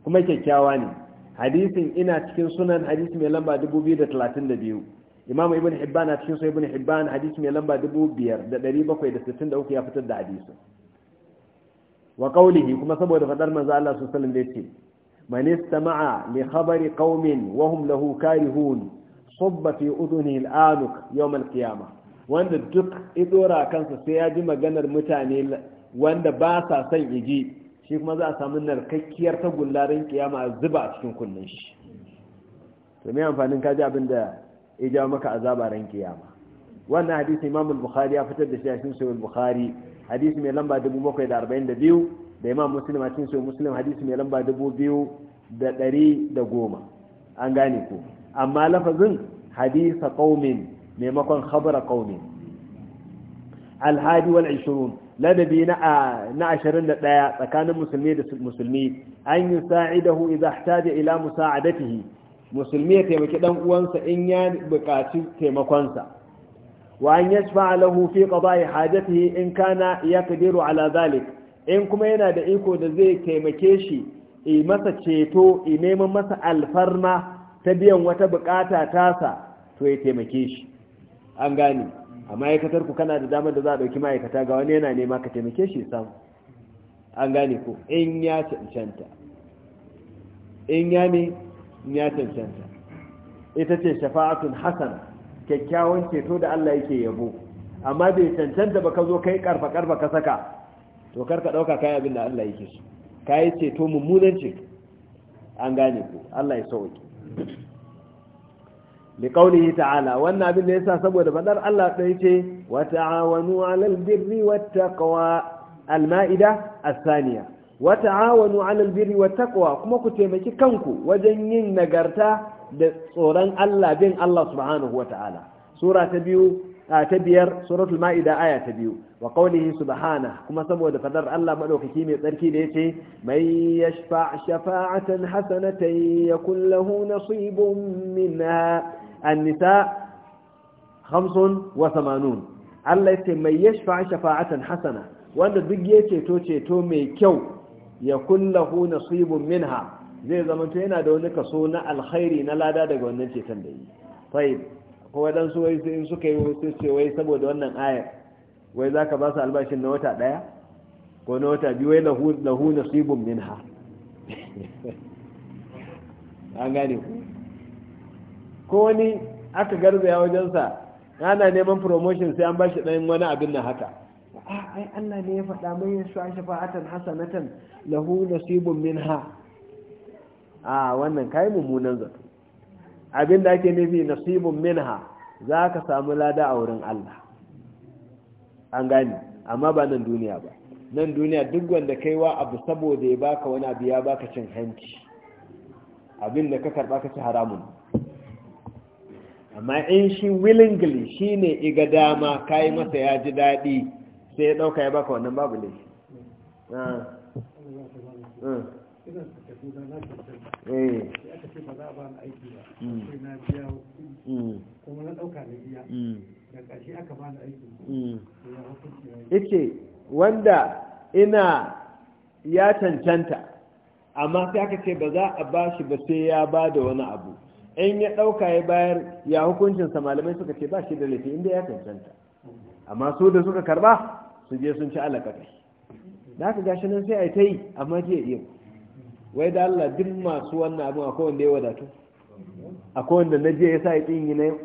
A: kuma kyakkyawa ne hadisin ina cikin sunan hadisi mai lamba 2032 Imam Ibn Hibban a cikin sunan Ibn Hibban hadisi mai lamba 5763 ya fitar da hadisin wa qawlihi kuma saboda fadar manzo Allah sallallahu alaihi wasallam da yake من استمع لخبر قوم وهم له كارهون صب في أذنه الآنك يوم القيامة وان الدق إذورا كان سياجي مغانا المتاني وأن باسا سيجي شيك ماذا أسامنا الكيكير تقول لارين قيامة الزبع تكون كلش فمي أنفانين كاجة عبن ده إجامك عذاب رين قيامة وان حديث إمام البخاري أفتد الشيخ سوى البخاري حديث من لمبا دبو موكي داربين دبيو da imam muslim a cikin sahih muslim hadisi mai lamba dubu biyu da ɗari da goma an gane ku amma lafazin hadisa ƙaumin maimakon khabara ƙaumin. alhadi wal 20 ladabi na na 21 tsakanin musulmi da musulmi an yusa'idahu idza ihtaja ila musa'adatihi musulmi ya taimaki dan uwansa in ya buƙaci taimakon sa. wa an yashfa'a lahu fi qada'i hajatihi in kana yaqdiru ala dhalik in kuma yana da iko da zai taimake shi i masa ceto i neman masa alfarma ta biyan wata bukata tasa to ya taimake shi an gane a ma'aikatar ku kana da damar da za a ɗauki ma'aikata ga wani yana nema ka taimake shi sam? an gane ko in ya cancanta in ya ne ya cancanta ita ce shafa'atun hasan kyakkyawan ceto da Allah yake yabo amma bai cancanta ba ka zo kai karfa karfa ka saka to ka ɗauka kai abin da Allah yake su ce to mummunan ce an gane ku Allah ya sauki li qawlihi ta'ala wannan abin da yasa saboda badar Allah da yace wa ta'awanu 'alal birri wat taqwa al-ma'ida as-saniya wa ta'awanu 'alal birri wat taqwa kuma ku taimaki kanku wajen yin nagarta da tsoron Allah bin Allah subhanahu wa ta'ala sura ta biyu ta biyar suratul ma'ida aya ta biyu wa qawlihi subhana kuma saboda fadar Allah madaukaki mai tsarki da yace may yashfa' shafa'atan hasanatan yakul lahu nasibun minha an-nisa 85 Allah yace mai yashfa' shafa'atan hasana wanda duk ya ce to mai kyau ya kullahu nasibun minha zai zama to yana da wani kaso na alkhairi na lada daga wannan ceton da yi waɗansu wai sai in suka yi sai ce wai saboda wannan ayar wai za ka ba su albashin na wata ɗaya ko na wata biyu wai lahu nasibun min ha <laughs> an gane ko wani aka garzaya wajensa ana neman promotion sai an bashi ɗayan wani abin na haka ai Allah ne ya faɗa mai ya sha shafa'atan hasanatan lahu nasibun min ha a wannan kai mummunan zato abin da ake nufi nasibun minha za ka samu lada a wurin Allah an gani amma ba nan duniya ba nan duniya duk wanda kai kaiwa abu saboda ya baka wani abu ya baka cin hanci abin da ka karba ka ci haramun amma in shi willingly shi ne iga dama kayi masa ya ji daɗi sai ya ɗauka ya baka wannan babu ne irin eh. su tafi na na kyautar sai aka ce ba za a ba ni aiki ba sai na biya kuma na ɗauka na biya da ƙarshe aka ba ni aiki yake wanda ina ya cancanta amma sai aka ce ba za a ba shi ba sai ya ba da wani abu in ya ɗauka ya bayar ya hukuncinsa malamai suka ce ba shi da laifi inda ya cancanta amma su da suka karba su je sun ci alaƙa kai da haka gashi nan sai a yi ta yi amma je iya wai da Allah duk masu wannan abin akwai wanda ya wadatu akwai wanda na je ya sa ya tsinyi na yau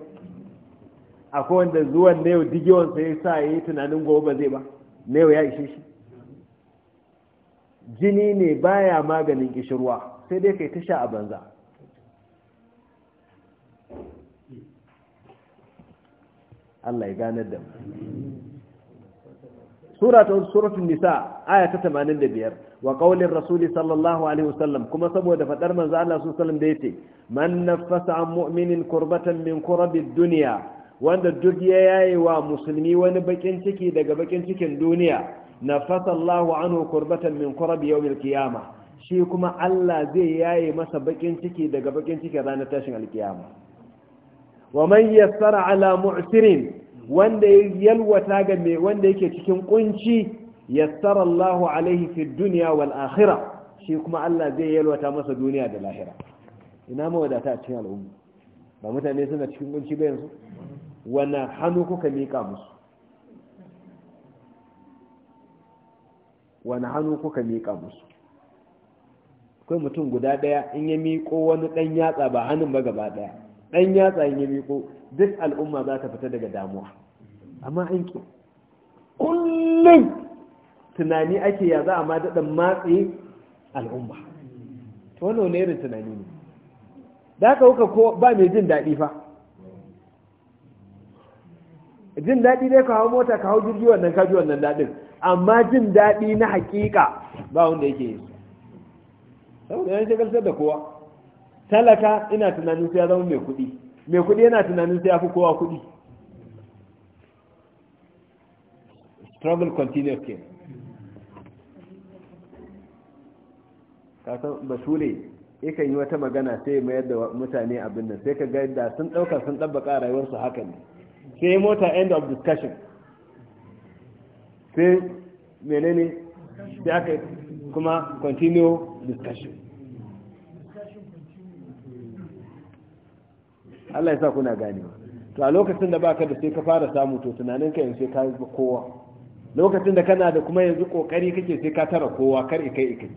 A: akwai wanda zuwan na yau digewansa ya sa ya yi tunanin gobe ba zai ba na yau ya ishe shi jini ne baya maganin kishirwa sai dai kai ta sha a banza Allah ya ganar da mu Suratun nisa aya ta 85 wa qaulin rasuli sallallahu alaihi wasallam kuma saboda fadar manzo Allah sallallahu alaihi wasallam man nafasa an mu'minin kurbatan min kurabid dunya wanda duk ya yaye wa musulmi wani bakin ciki daga bakin cikin duniya nafasa Allahu anhu kurbatan min kurabi yawmil qiyamah shi kuma Allah zai yaye masa bakin ciki daga bakin cikin ranar tashin alkiyama wa man yassara ala mu'sirin wanda yalwata ga mai wanda yake cikin kunci yassara Allahu alaihi fi duniya wal akhirah shi kuma Allah zai yalwata masa duniya da lahira ina wadata a cikin al'umma ba mutane suna cikin gunci ba yanzu wannan hannu kuka mika musu wani hannu kuka mika musu akwai mutum guda ɗaya in ya miko wani ɗan yatsa ba hannun ba gaba ɗaya ɗan yatsa in ya miko, duk al'umma za ta fita daga damuwa amma in ki kullum tunani ake ya za a ma daɗa matse al'umma to wani wani irin tunani ne da aka kuka ko ba mai jin daɗi fa jin daɗi dai ka hau mota ka hau jirgi wannan ka ji wannan daɗin amma jin daɗi na hakika ba wanda yake yi saboda yan shagaltar da kowa talaka ina tunanin sai ya zama mai kuɗi mai kuɗi yana tunanin sai ya fi kowa kuɗi struggle continuous ke kasan basule yakan yi wata magana sai ya mayar da mutane abin nan sai ka ga da sun ɗauka sun ɗabbaka rayuwarsu haka ne sai mota end of discussion sai menene sai aka kuma continue discussion Allah ya sa kuna ganewa to a lokacin da baka da sai ka fara samu to tunanin ka yanzu ka kowa lokacin da kana da kuma yanzu kokari kake sai ka tara kowa kar ikai ikai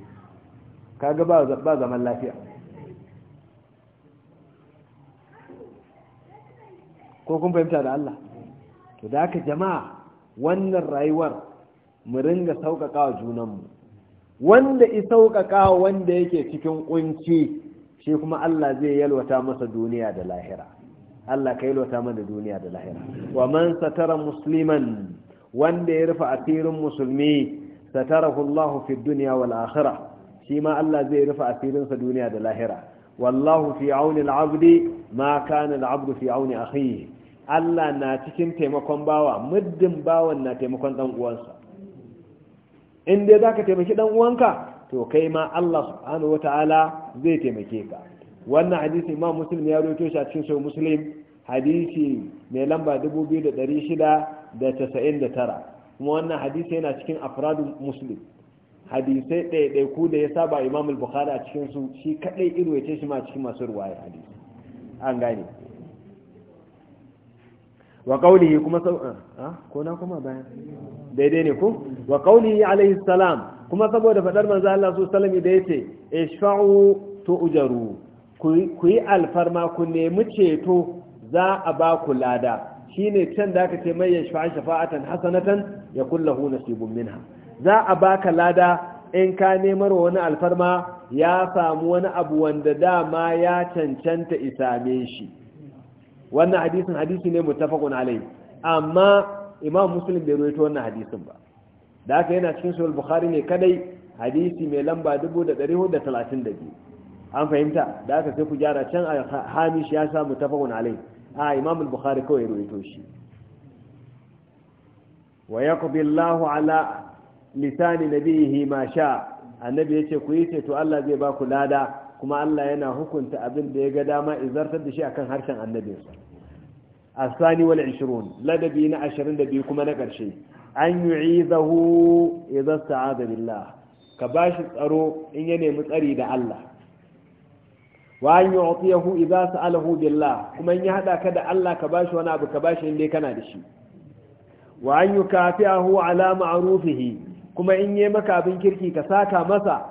A: kaga ba zaman lafiya ko kun fahimta da Allah to da aka jama'a wannan rayuwar mu ringa sauƙaƙawa junanmu wanda i sauƙaƙawa wanda yake cikin ƙunci shi kuma Allah zai yalwata masa duniya da lahira Allah ka yalwata mana duniya da lahira wa man satara musliman wanda ya rufe asirin musulmi satarahu Allah fi dunya wal akhirah shi ma Allah zai rufe asirinsa duniya da lahira wallahu fi auni al'abdi ma kana al'abdu fi auni akhihi Allah na cikin taimakon bawa muddin bawan na taimakon dan uwansa in dai zaka taimaki dan uwanka to kai ma Allah subhanahu wataala zai taimake ka wannan hadisi Imam Muslim ya rawaito shi a cikin Sahih Muslim hadisi mai lamba 2699 kuma wannan hadisi yana cikin afradu Muslim hadisai ɗaya ku da ya saba imam al-bukhari a cikin su shi kadai irwace shi ma cikin masu ruwayar hadisi an gane wa qawlihi kuma ah, ah, ko na kuma bayan daidai ne ku wa qawlihi alaihi salam kuma saboda faɗar manzo Allah su salami da yace ishfa'u ujaru ku yi alfarma ku nemi ceto za a ba ku lada shine can da aka ce mai yashfa'a shafa'atan hasanatan ya kullahu nasibun minha za a baka lada in ka nemar wani alfarma ya samu wani abu wanda dama ya cancanta isame shi wannan hadisin hadisi ne mutafakun alai amma imam muslim bai roito wannan hadisin ba da haka yana cikin sahih bukhari ne kadai hadisi mai lamba 1432 an fahimta da haka sai ku gyara can a hamish ya sa mutafakun alai a imam bukhari kawai roito shi wa yaqbi Allahu ala lisani nabihi ma sha annabi yace ku yi ceto Allah zai ba ku lada kuma Allah yana hukunta abin da ya ga dama izartar da shi akan harshen annabinsa asani wal 20 ladabi na 22 kuma na karshe an yu'izahu idza sta'adha billah ka bashi tsaro in ya nemi tsari da Allah wa an yu'tiyahu idza sa'alahu billah kuma in ya hada ka da Allah ka bashi wani abu ka bashi in kana da shi wa an yukafi'ahu ala ma'rufihi kuma in yi maka abin kirki ka saka masa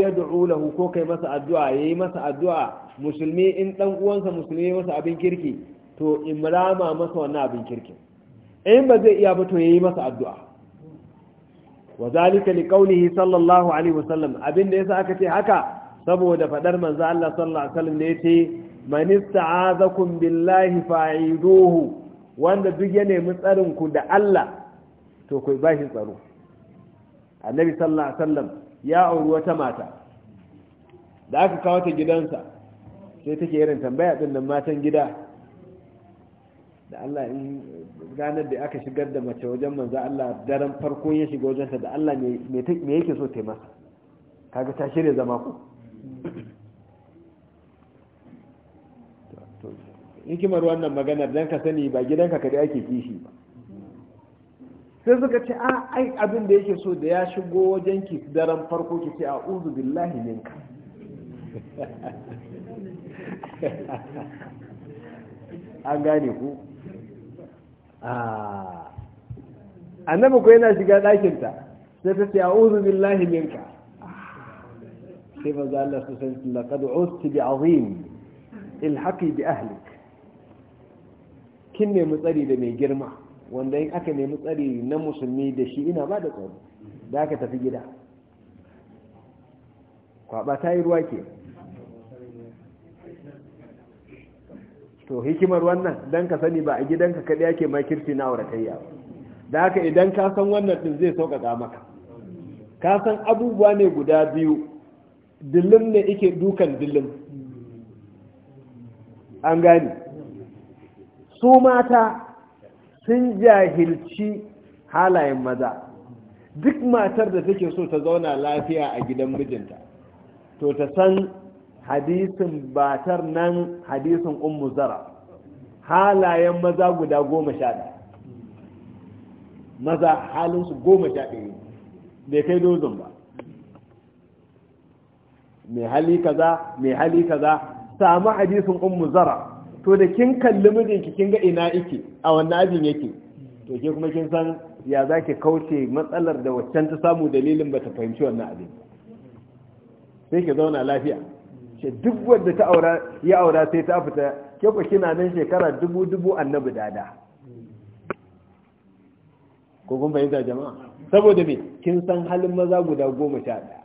A: ya du'u lahu ko kai masa addu'a yayi masa addu'a musulmi in dan uwansa musulmi masa abin kirki to imrama masa wannan abin kirkin in ba zai iya ba to yi masa addu'a wa zalika qawlihi sallallahu alaihi wasallam abin da yasa aka ce haka saboda fadar manzo Allah sallallahu alaihi wasallam ne yace man ista'azakum billahi fa'iduhu wanda duk ya nemi tsarin ku da Allah to ku bashi tsaro annabi sallallahu alaihi wasallam ya auri wata mata da aka kawo ta gidansa sai take irin tambaya din nan matan gida da Allah in ganar da aka shigar da mace wajen manzo Allah daren farko ya shiga ta da Allah me yake so ta masa kaga ta shirya zama ku hikimar wannan maganar dan ka sani ba gidanka kada ake kishi ba sai suka ce a ah, ai abin da yake so da ya shigo wajen ki daren farko ki ce uzu billahi minka <laughs> an gane ku ah. annabi ko yana shiga ɗakinta sai ta ce uzu billahi minka sai ba za Allah su san laqad usti bi azim ilhaqi bi ahlik kin mu tsari da mai girma wanda in aka nemi tsari na musulmi da shi ina ba da tsari da aka tafi gida kwaba ta yi ruwa ke to hikimar wannan don ka sani ba a gidanka kaɗai ake makirci na auratayya da aka idan ka san wannan din zai sauƙaƙa maka ka san abubuwa ne guda biyu dillin ne ike dukan dillin an gani su mata sun jahilci halayen maza duk matar da take so ta zauna lafiya a gidan mijinta to ta san hadisin batar nan hadisin ummu zara halayen maza guda goma sha ɗaya maza halinsu goma sha ɗaya bai kai dozin ba mai hali kaza mai hali kaza samu hadisin ummu zara to da kin kalli mijinki kin ga ina yake a wannan ajin yake to ke kuma kin san ya zaki kauce matsalar da waccan ta samu dalilin ba ta fahimci wannan abin sai ki zauna lafiya ce duk wanda ta aura ya aura sai ta fita ke ku kina nan shekara dubu dubu annabi dada ko kun fahimta jama'a saboda me kin san halin maza guda goma sha ɗaya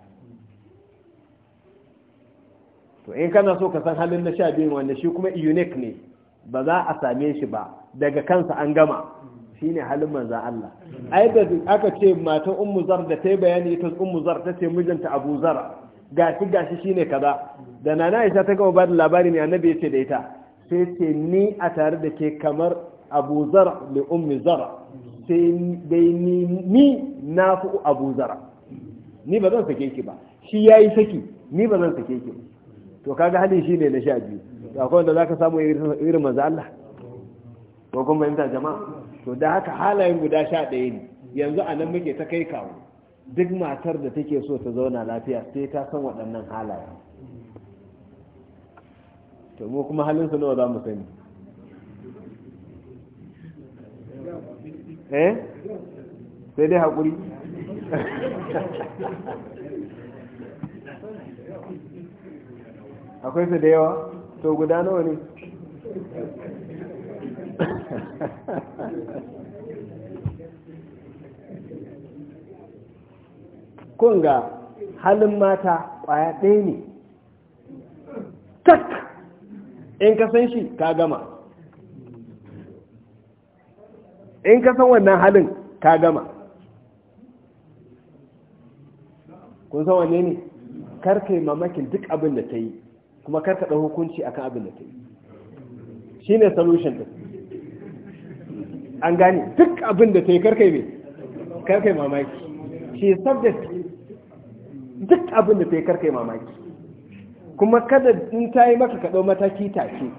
A: to in kana so ka san halin na sha biyun wanda shi kuma unique ne ba za a same shi ba daga kansa an gama shine halin manza Allah ai da aka ce matan ummu zar da ta bayani ita ummu zar ta ce mijinta abu zar gashi gashi shine kaza da nana isa ta gama bada labari ne annabi ce da ita sai ce ni a tare da ke kamar abu zar da ummi zar sai dai ni ni na fi abu zar ni ba zan sake ki ba shi yayi saki ni ba zan sake ki to kaga hali shine ne na sha biyu to akwai wanda za samu irin manzo Allah ko kuma yanzu jama'a to da haka halayen guda sha ɗaya ne yanzu a nan muke ta kai kawo duk matar da take so ta zauna lafiya sai ta san waɗannan halaye to mu kuma halin su nawa za mu sani eh sai dai haƙuri
B: <laughs>
A: akwai su da yawa to guda nawa ne kun ga halin mata ƙwaya ɗaya ne tak in ka san shi ka gama in ka san wannan halin ka gama kun san wanne ne karkai mamakin duk abin da ta yi kuma karka ɗau hukunci akan abin da ta yi shi ne solution ɗin an gane duk abin da ta yi karkai mai karkai mamaki shi subject duk abin da ta yi karkai mamaki kuma kada in ta yi maka ka ɗau mataki take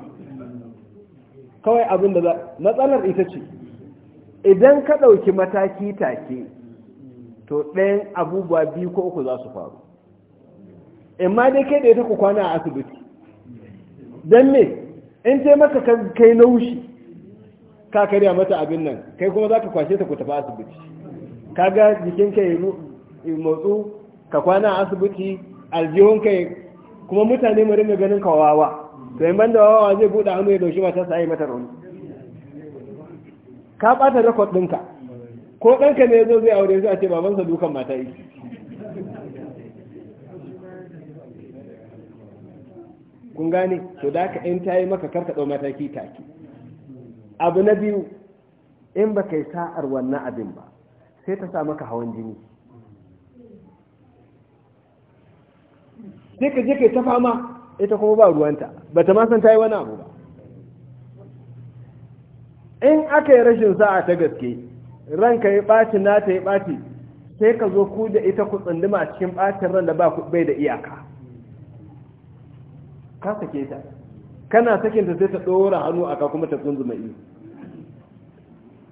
A: kawai abin da za. matsalar ita ce idan ka ɗauki mataki take to ɗayan abubuwa biyu ko uku za su faru in ma dai kai da ita ku kwana a asibiti don me in ce maka kai laushi ka karya mata abin nan kai kuma za ka kwashe ta ku tafi asibiti ka ga jikinka ya motsu ka kwana a asibiti aljihun kai kuma mutane mu ringa ganin ka wawa to in banda wawa zai buɗe hannu ya doshi mata sa yi mata rauni ka ɓata rekod ɗinka ko ɗanka ne zo zai aure su a ce babansa dukan mata yi kun gane to da ka in ta yi maka karka ɗau mataki take abu na biyu in ba kai sa'ar wannan abin ba sai ta sa maka hawan jini sai ka je kai ta fama ita kuma ba ruwanta ba ta san ta yi wani abu ba in aka yi rashin sa'a ta gaske ranka ya ɓaci na ta yi ɓaci sai ka zo ku da ita ku tsunduma cikin ɓacin ran da bai da iyaka ka sake ta kana sakin ta sai ta ɗora hannu a kuma ta tsunzuma ido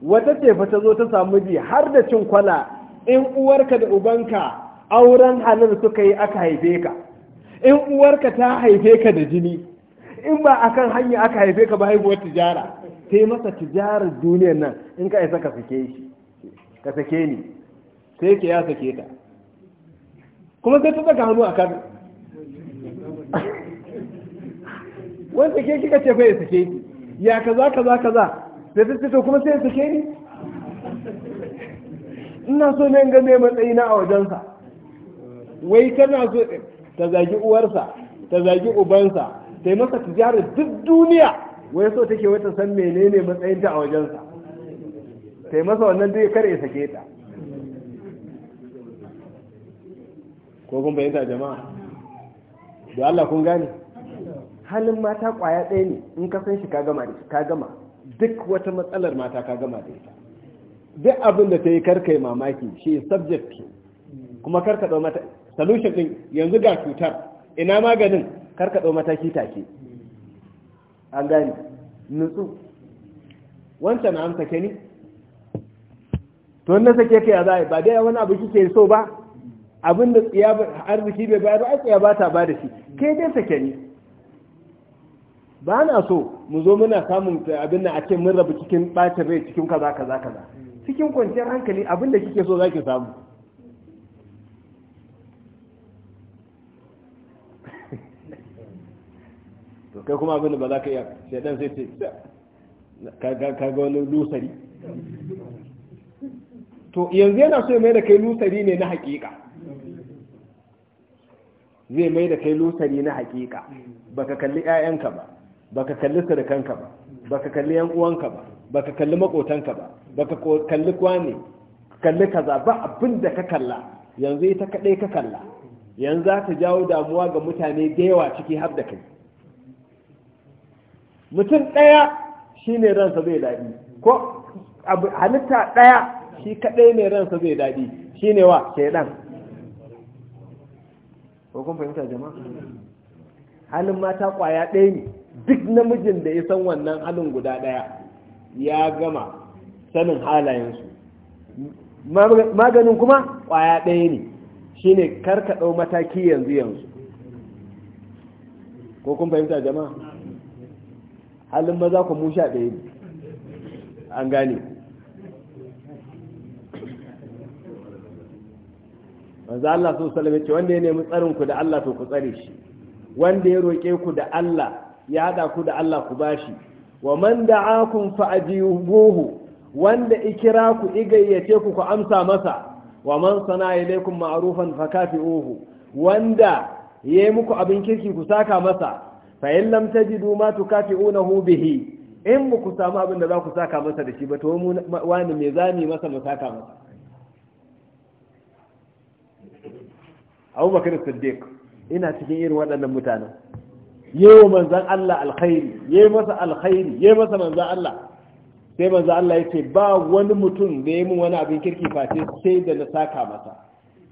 A: wata tefa ta zo ta samu ji har da cin kwala in uwarka da ubanka auren halin suka yi aka haife ka in uwarka ta haife ka da jini in ba akan hanya aka haife ka ba haihuwar tijara sai masa tijarar duniyar nan in ka isa ka sake shi ka sake ni sai ke ya sake ta kuma sai ta saka hannu a kan
B: wani sake ki ce
A: fa ya sake ki ya kaza kaza kaza sai ta ce to kuma sai ya sake ni ina so ne ga matsayi matsayina a wajensa wai tana so ta zagi uwarsa ta zagi ubansa ta yi masa tijarar duk duniya wai so take wata san menene matsayinta a wajensa ta yi masa wannan duk kare ya sake ta ko kun bayyanta jama'a da Allah kun gane halin mata kwaya ɗaya ne in ka san shi ka gama da shi ka gama duk wata matsalar mata ka gama da ita duk abin da ta yi karka yi mamaki shi subject ke kuma karka ɗau mata solution ɗin yanzu ga cutar ina maganin karka ɗau shi take an gani nutsu wancan na amsa ke ni to wannan sake ka ya zai ba dai wani abu kike so ba abin da tsiya arziki bai bayar ba a tsiya ba ta ba da shi Ke dai sake ni ba na so mu zo muna samun abin da ake mun rabu cikin bacin rai cikin kaza kaza kaza cikin kwanciyar hankali abin da kike so za ki samu to kai kuma abin da ba za ka iya shaidan sai ce ka ga wani lusari to yanzu yana so ya mai da kai lusari ne na hakika zai mai da kai lusari na hakika baka kalli 'ya'yanka ba baka kalli surukanka ba baka kalli yan uwanka ba baka kalli makotanka ba baka kalli kwani kalli kaza ba abin da ka kalla yanzu ita kadai ka kalla yanzu za ta jawo damuwa ga mutane da yawa ciki har da kai mutum ɗaya shi ne ransa zai daɗi ko halitta ɗaya shi kaɗai ne ransa zai daɗi shi ne wa shaidan ko kun fahimta jama'a halin mata ƙwaya ɗaya ne duk namijin da ya san wannan halin guda ɗaya ya gama sanin halayensu maganin kuma ƙwaya ɗaya ne shi ne karkaɗau mataki yanzu yanzu ko kun fahimta jama'a halin maza ku musha ɗaya ne an gane wanzu Allah so salame ce wanda ya nemi tsarin ku da Allah to ku tsare shi wanda ya roƙe ku da Allah ya hada ku da Allah ku bashi wa man da'akum fa ajibuhu wanda ikira ku igayyace ku ku amsa masa wa man sana fa ma'rufan fakafi'uhu wanda yayi muku abin kirki ku saka masa fa in lam tajidu ma tukafi'unahu bihi in ku samu abin da za ku saka masa da shi ba to wani me zami masa mu saka masa Abu Bakar Siddiq ina cikin irin waɗannan mutanen wa manzan Allah alkhairi yi masa alkhairi yi masa manzan Allah sai manzan Allah ya ce ba wani mutum da ya min wani abin kirki face sai da na saka masa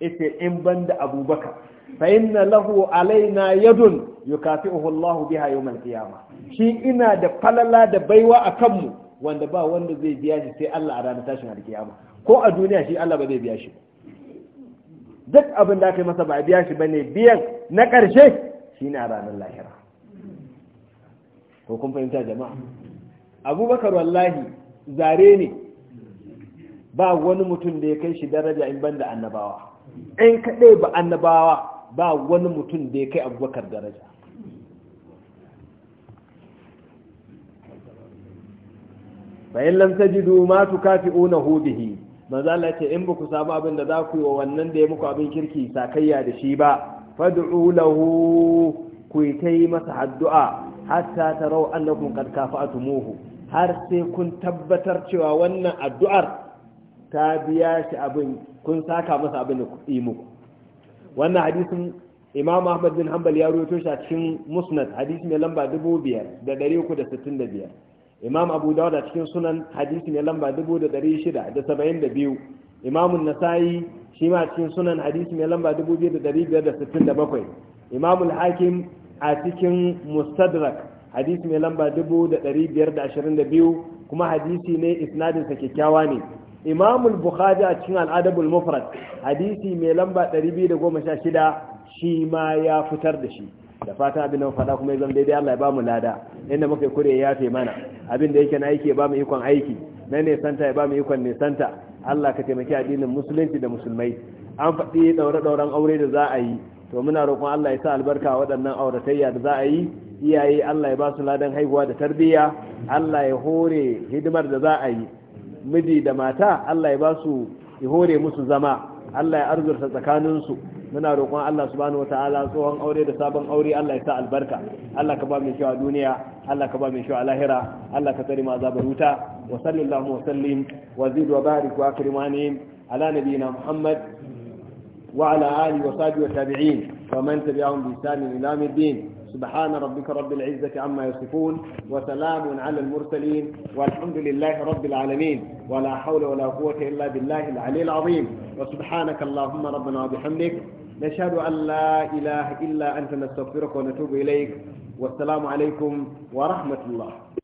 A: yace in da Abubakar fa inna lahu alaina yadun yukafi'uhu a biha yawm qiyamah shi ina da falala da baiwa akan mu wanda ba wanda zai biya shi sai Allah a ranar tashin alkiyama ko a duniya shi Allah ba zai biya shi duk abin da aka yi masa ba a biya shi ne biyan na ƙarshe shine a ranar lahira ko kun fahimta jama'a abubakar wallahi zare ne ba wani mutum da ya kai shi daraja in banda annabawa in kaɗai ba annabawa ba wani mutum da ya kai abubakar daraja bayan lamtajidu ma una bihi manzo Allah ce in baku samu abin da za ku yi wa wannan da ya muku abin kirki sakayya da shi ba fad'u lahu ku yi ta yi masa addu'a hatta tarau annakum qad kafa'tumuhu har sai kun tabbatar cewa wannan addu'ar ta biya shi abin kun saka masa abin da ku yi muku wannan hadisin Imam Ahmad bin Hanbal ya rawaito shi a cikin Musnad hadisi mai lamba 5365 Imam Abu Dawud a cikin Sunan hadisi mai lamba 6672 Imam An-Nasa'i shi ma cikin Sunan hadisi mai lamba 2567 Imam Al-Hakim a cikin mustadrak hadisi mai lamba 1522 kuma hadisi ne isnadinsa kyakkyawa ne imamul bukhari a cikin al'adabul mufrad hadisi mai lamba shida shi ma ya fitar da shi da fata abin da faɗa kuma ya zama daidai Allah ya ba lada inda muka kure ya yafe mana abin da yake na aiki ya ba ikon aiki na nesanta ya bamu ikon nesanta Allah ka taimaki addinin musulunci da musulmai an faɗi ɗaure-ɗauren aure da za a yi to muna roƙon Allah ya sa albarka waɗannan auratayya da za a yi iyaye Allah ya ba su ladan haihuwa da tarbiyya Allah ya hore hidimar da za a yi miji da mata Allah ya ba su ya hore musu zama Allah ya arzurta tsakaninsu muna roƙon Allah subhanahu wataala tsohon aure da sabon aure Allah ya sa albarka Allah ka ba mu shawa duniya Allah ka ba mu shawa lahira Allah ka tsare mu azabar wuta wa sallallahu wa sallim wa zid wa barik wa akrimani ala nabiyina Muhammad وعلى آله وصحبه والتابعين ومن تبعهم بإحسان إلى الدين سبحان ربك رب العزة عما يصفون وسلام على المرسلين والحمد لله رب العالمين ولا حول ولا قوة إلا بالله العلي العظيم وسبحانك اللهم ربنا وبحمدك نشهد أن لا إله إلا أنت نستغفرك ونتوب إليك والسلام عليكم ورحمة الله